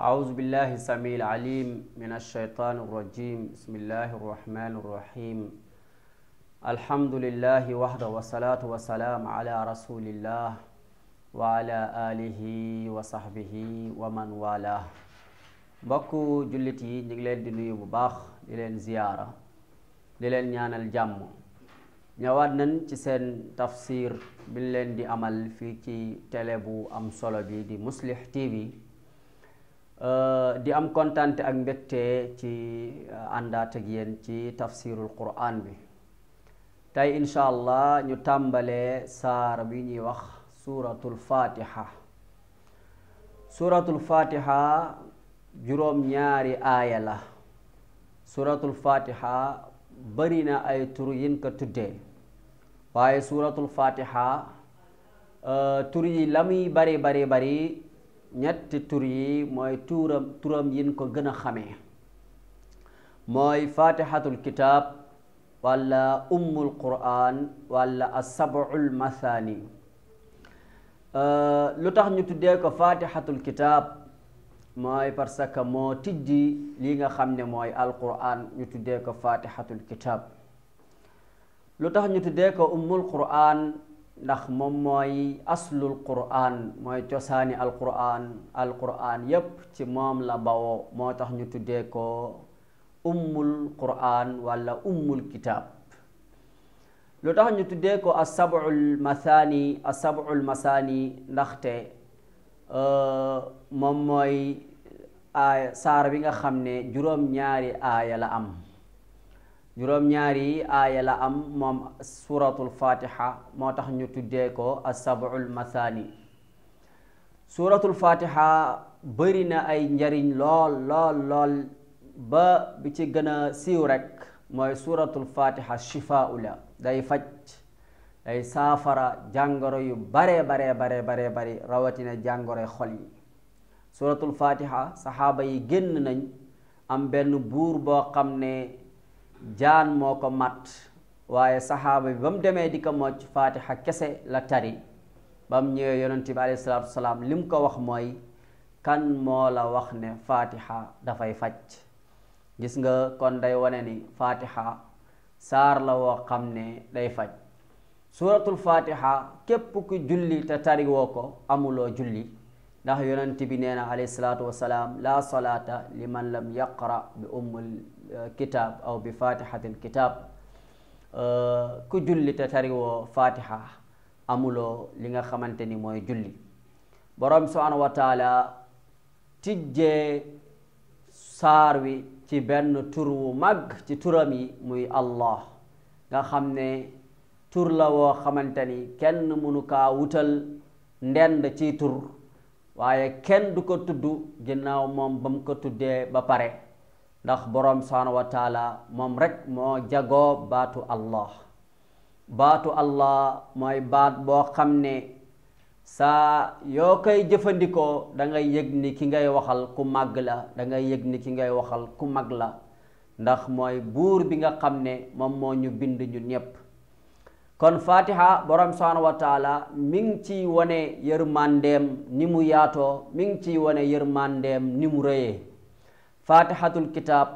أعوذ بالله السميع العليم من الشيطان الرجيم بسم الله الرحمن الرحيم الحمد لله وحده والصلاة والسلام على رسول الله وعلى آله وصحبه ومن والاه mbokku jullit yi ñu leen di nuyu bu baax di leen ziyaara di leen ñaanal jàmm ñëwaat nañ ci seen tafsir bi ñu di amal fii ci télé bu am solo bi di Muslih TV Eh, di am kontante ak mbégte ci eh, àndaat ak yéen ci tafsirul quran bi tey incha allah ñu tàmbalee saar bi ñuy wax suuratul fatiha suuratul fatiha juróom ñaari aaya la suuratul fatiha bari na ay tur yin ko tuddee waaye suuratul fatiha eh, tur yi la bari bari bari ñetti tur yi mooy tuuram turam yin ko gën a xamee mooy fatihatul kitab wala ummul quran wala asabul mathani euh, lu tax ñu tuddee ko fatihatul kitab mooy parce que moo tijji li nga xam ne mooy alquran ñu tuddee ko fatihatul kitab lu tax ndax moom mooy aslu qur'an mooy cosaani alqur'an alqur'an yépp ci moom la bawo moo tax ñu tuddee ko ummul qur'an wala ummul kitab lu tax ñu tuddee ko asabul mathani asabul mathani ndaxte euh, moom mooy aaya saar bi nga xam ne juróom-ñaari aaya la am juróom-ñaari yi aaya la am moom suuratul fatiha moo tax ñu tuddee ko asabul mathani suuratul fatiha bari na ay njariñ lool lool lool ba bi ci gën a siiw rekk mooy suuratul fatiha shifaau la day faj day saafara jàngoro yu bare bare bare bare rawatina jàngoroy xol yi suuratul fatiha saxaaba yi génn nañ am benn buur boo xam ne jaan moo ko mat waaye saxaaba bi ba demee di ko mocc kese la tari ba mu ñëwee bi alayhi salaatu wasalaam li ko wax mooy kan moo la wax ne faatixa dafay faj gis nga kon day wane ni faatixa saar la woo xam ne day faj suuratul faatixa képp ku julli te tari woo ko amuloo julli ndax yonente bi nee na alayhi salaatu wasalaam laa salaata liman lam yaqra bi ummul Uh, kitaab aw bi fatihatil kitaab uh, ku julli te tariwoo fatiha amuloo li nga xamante ni mooy julli borom subhaanahu wa tijjee saar wi ci benn tur wu mag ci turam yi muy allah nga xam ne tur la woo xamante ni kenn mënu wutal ndend ci tur waaye kenn du ko tudd ginnaaw moom ba mu tuddee ba pare ndax boroom subhaanahu wataala moom rekk moo jagoo baatu allah baatu allah mooy baat boo xam ne saa yoo koy jëfandikoo da ngay yëg ni ki ngay waxal ku màgg la da ngay ki ngay waxal ku mag la ndax mooy buur bi nga xam ne moom moo ñu bind ñu ñépp kon fatiha borom subhaanahu wa taala mi ngi ciy wane yërmandeem ni mu yaatoo mi ngi ciy wane yërmandeem ni mu rëyee fatihatul kitab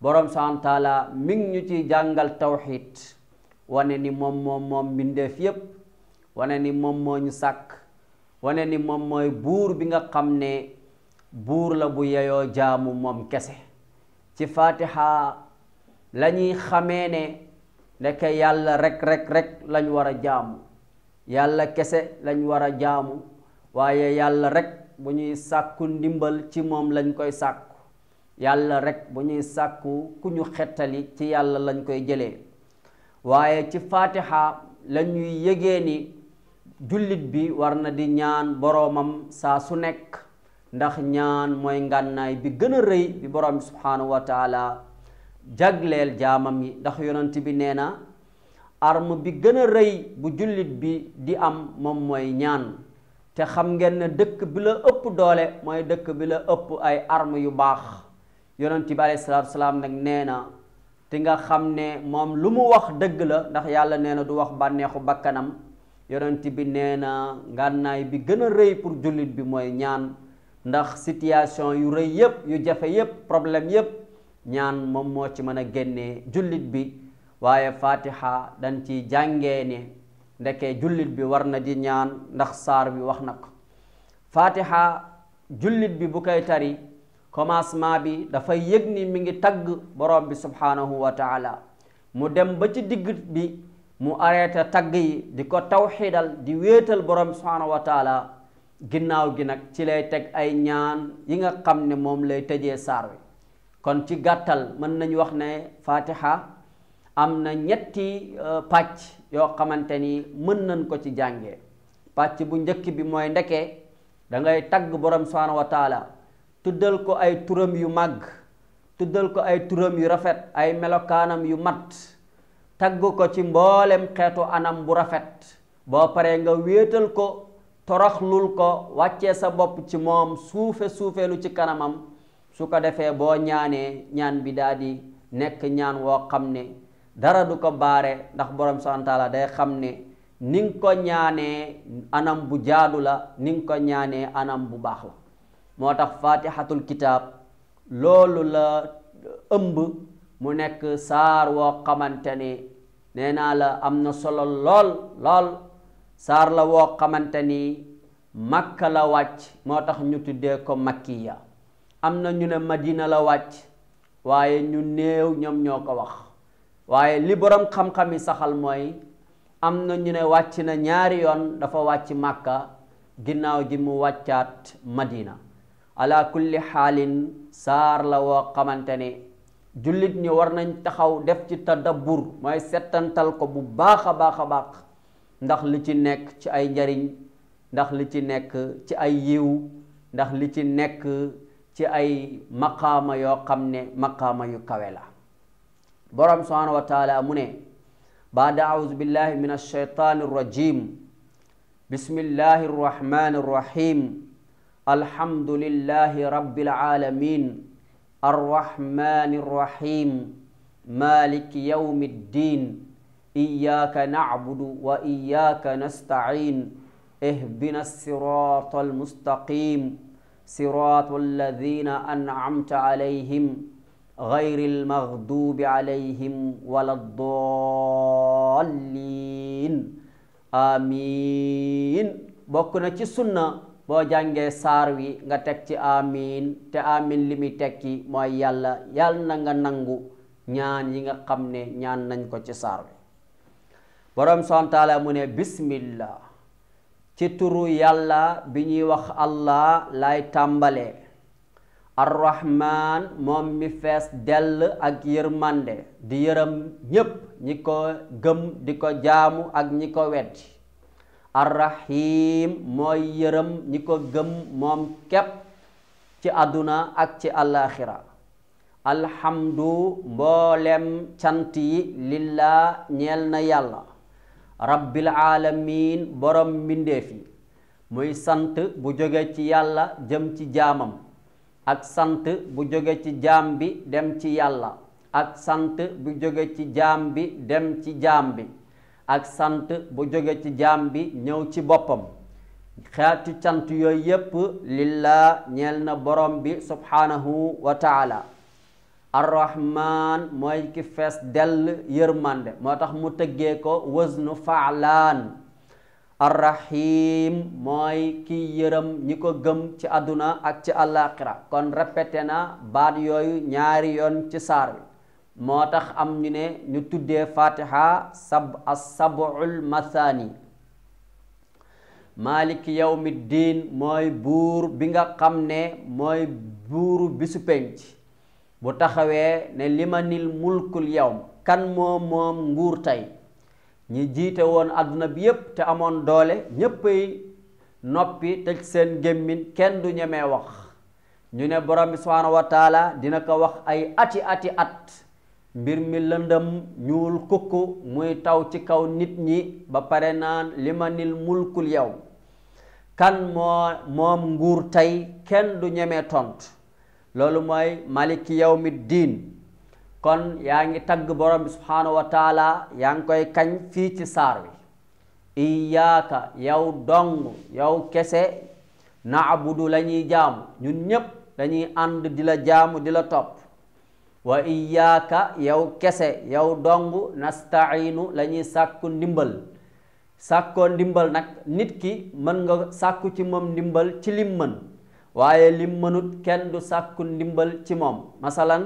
borom subhaanahu wa taala ñu ci jàngal tawxid wane ni moom moom moom yépp wane ni moom moo sàkk wane ni moom mooy buur bi nga xam ne buur la bu yeyoo jaamu moom kese ci fatiha lañuy xamee ne ndeke yàlla rekk rekk rekk lañ war a jaamu yàlla kese lañ war a jaamu waaye yàlla rekk bu ñuy sàkku ndimbal ci moom lañ koy sàkku yàlla rekk bu ñuy sàkku ku ñu xettali ci yàlla lañ koy jëlee waaye ci faatiha lañuy ñuy yëgee ni jullit bi war na di ñaan boromam saa su nekk ndax ñaan mooy ngànnaay bi gën a rëy bi borom bi subhaanahu wa jagleel jaamam yi ndax yonant bi nee na arme bi gën rëy bu jullit bi di am moom mooy ñaan te xam ngeen ne dëkk bi la ëpp doole mooy dëkk bi la ëpp ay arm yu baax yonent bi alayhi salaatu salaam nag nee na te nga xam ne moom lu mu wax dëgg la ndax yàlla nee na du wax bànneexu bakkanam yonent bi nee na ngànnaay bi gën a rëy pour jullit bi mooy ñaan ndax situation yu rëy yépp yu jafe yépp problème yépp ñaan moom moo ci mën a génnee jullit bi waaye fatiha dañ ci jàngee ne ndeke jullit bi war na di ñaan ndax saar bi wax na ko fatiha jullit bi bu koy tari commencement bi dafay yëg ni mu ngi tagg borom bi subhaanahu wa taala mu dem ba ci digg bi mu arrêté tagg yi di ko tawxiidal di wéetal borom bi subhaanahu ginnaaw gi nag ci lay teg ay ñaan yi nga xam ne moom lay tëjee saar wi kon ci gàttal mën nañu wax ne fatiha am na ñetti euh, pàcc yoo xamante ni mën nañ ko ci jànge pàcc bu njëkk bi mooy ndekee dangay ngay tagg borom subhaanahu wa tuddal ko ay turam yu màgg tuddal ko ay turam yu rafet ay melokaanam yu mat tagg ko ci mboolem xeetu anam bu rafet boo paree nga wéetal ko toroxlul ko wàcce sa bopp ci moom suufe suufeelu ci kanamam su ko defee boo ñaanee ñaan bi daal nekk ñaan woo xam ne dara du ko baare ndax borom subhaanahu day xam ne ni nga ko ñaanee anam bu jaadu la ni nga ko ñaanee anam bu baax la moo tax faatihatul kitaab loolu la ëmb mu nekk saar woo xamante ni nee naa la am na solo lool lool saar la woo xamante ni makka la wàcc moo tax ñu tuddee ko makki ya am na ñu ne madina la wàcc waaye ñu néew ñoom ñoo ko wax waaye li boroom xam-xam yi saxal mooy am na ñu ne wàcc na ñaari yoon dafa wàcc makka ginnaaw ji mu wàccaat madina ala kulli xaalin saar la woo xamante ne jullit ñi war nañ taxaw def ci tadabbur mooy settantal ko bu baax a baax a baax ndax li ci nekk ci ay njariñ ndax li ci nekk ci ay yiw ndax li ci nekk ci ay maqaama yoo xam ne maqaama yu kawe la boroom subhaanahu wa taala mu ne baada audu billahi min alsheytaani arrajim bismillahi arrahmani arrahim alhamdulillahi rabbil alamin arrahmani rrahim maliki yawmi ddin iyyaka na'budu wa iyyaka nasta'in ihdina sirata almustaqim sirata alladhina an'amta alayhim ghayri almaghdubi alayhim wala ddallin amin bokk na ci sunna boo jàngee saar wi nga teg ci amin te amin li muy tekki mooy yàlla yàlla na nga nangu ñaan yi nga xam ne ñaan nañ ko ci saar wi boroom subhaanahu mu ne bismillah ci turu yàlla bi ñuy wax allah lay tàmbalee arrahman moom mi fees dell ak yërmande di yërëm ñépp ñi ko gëm di ko jaamu ak ñi ko weddi arrahim mooy yërëm ñi ko gëm moom képp ci àdduna ak ci àllaaxira alhamdu mboolem cant yi lillaa ñeel na yàlla rabbil aalamiin borom mbindeef yi muy sant bu jóge ci yàlla jëm ci jaamam ak sant bu jóge ci jaam bi dem ci yàlla ak sant bu jóge ci jaam bi dem ci jaam bi ak sant bu jóge ci jaam bi ñëw ci boppam xeeti cant yooyu yépp lillaa ñeel na borom bi subhaanahu wa taala arrahman mooy ki fees dell yërmande moo tax mu tëggee ko wësnu faalaan arrahim mooy ki yërëm ñi ko gëm ci àdduna ak ci àllaaxira kon répété na baat yooyu ñaari yoon ci saar bi moo tax am ñu ne ñu tuddee fatiha sab as sab'ul mathani maliki yawmi diin mooy buur bi nga xam ne mooy buuru bisu penc bu taxawee ne limanil mulkul yow kan moom moom nguur tey ñi jiite woon àdduna bi yépp te amoon doole ñéppay noppi tëj seen gémmiñ kenn du ñemee wax ñu ne borom bi dina ko wax ay ati ati at mbir mi lëndëm ñuul kukk muy taw ci kaw nit ñi ba pare naan limanil mulkul yow kan moo moom nguur tey kenn du ñemee tont loolu mooy maliki mi diin kon yaa ngi tagg borom bi subhaanahu wa yaa ngi koy kañ fii ci saar wi iyaaka yow dong yow kese naabudu lañuy ñuy jaamu ñun ñépp dañuy ànd di la jaamu di la topp waa iyaaka yow kese yow dong nastainu la ñuy sàkku ndimbal sàkkoo ndimbal nag nit ki mën nga sàkku ci moom ndimbal ci lim mën waaye lim mënut kenn du sàkku ndimbal ci moom masalan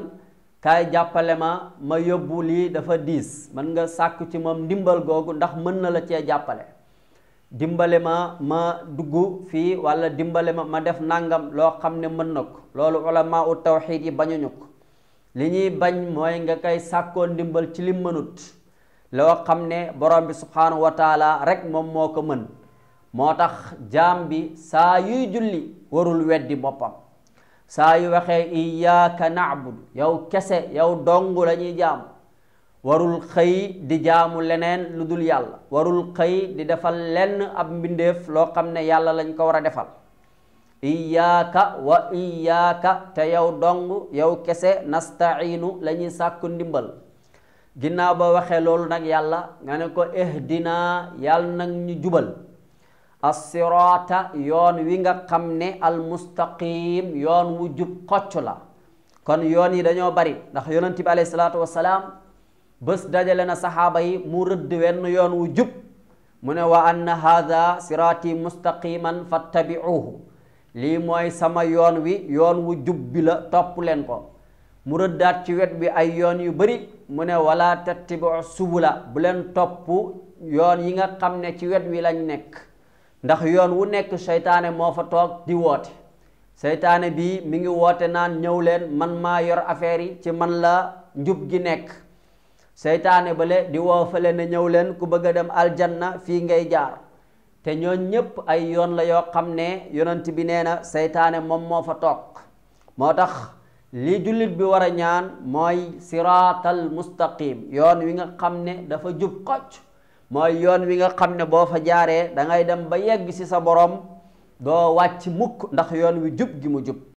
kaay jàppale ma ma yóbbu lii dafa diis mën nga sàkku ci moom ndimbal googu ndax mën na la cee jàppale dimbale ma ma dugg fii walla dimbali ma ma def nàngam loo xam ne mën na ko loolu ulamaa u tawxiid yi bañuñu ko li ñuy bañ mooy nga koy sàkkoo ndimbal ci li mënut loo xam ne borom bi subhaanahu wa rek moom moo ko mën moo tax jaam bi saa yuy julli warul weddi boppam saa yu waxee iyaaka naabudu yow kese yow dong lañuy ñuy jaam warul xëy di jaamu leneen lu dul yàlla warul xëy di defal lenn ab mbindeef loo xam ne yàlla lañ ko war a defal iyaaka wa iyaaka te yow dong yow kese nastainu la ñuy sàkku ndimbal ginnaaw ba waxee loolu nag yàlla nga ne ko ihdina yàlla nag ñu jubal assiraata yoon wi nga xam ne almustaqim yoon wu jub xocc la kon yoon yi dañoo bari ndax yonent bi alayhi salaatu wasalaam bés dajale na saxaabay mu rëdd wenn yoon wu jub mu ne wa anna haada siraati mustaqiman fattabiuhu lii mooy sama yoon wi yoon wu jub bi la topp leen ko mu rëddaat ci wet wi ay yoon yu bari mu ne wala tattiboo la bu leen topp yoon yi nga xam ne ci wet wi lañ nekk ndax yoon wu nekk seytaane moo fa toog di woote seytaane bii mi ngi woote naan ñëw leen man maa yor affaire yi ci man la njub gi nekk seytaane bale di woo fale ne ñëw leen ku bëgg a dem aljanna fii ngay jaar te ñooñ ñépp ay yoon la yoo xam ne yonent bi nee na seytaane moom moo fa toog moo tax li jullit bi war a ñaan mooy siraatal mustaqim yoon wi nga xam ne dafa jub xocc mooy yoon wi nga xam ne boo fa jaaree dangay dem ba yegg ci sa borom doo wàcc mukk ndax yoon wi jub gi mu jub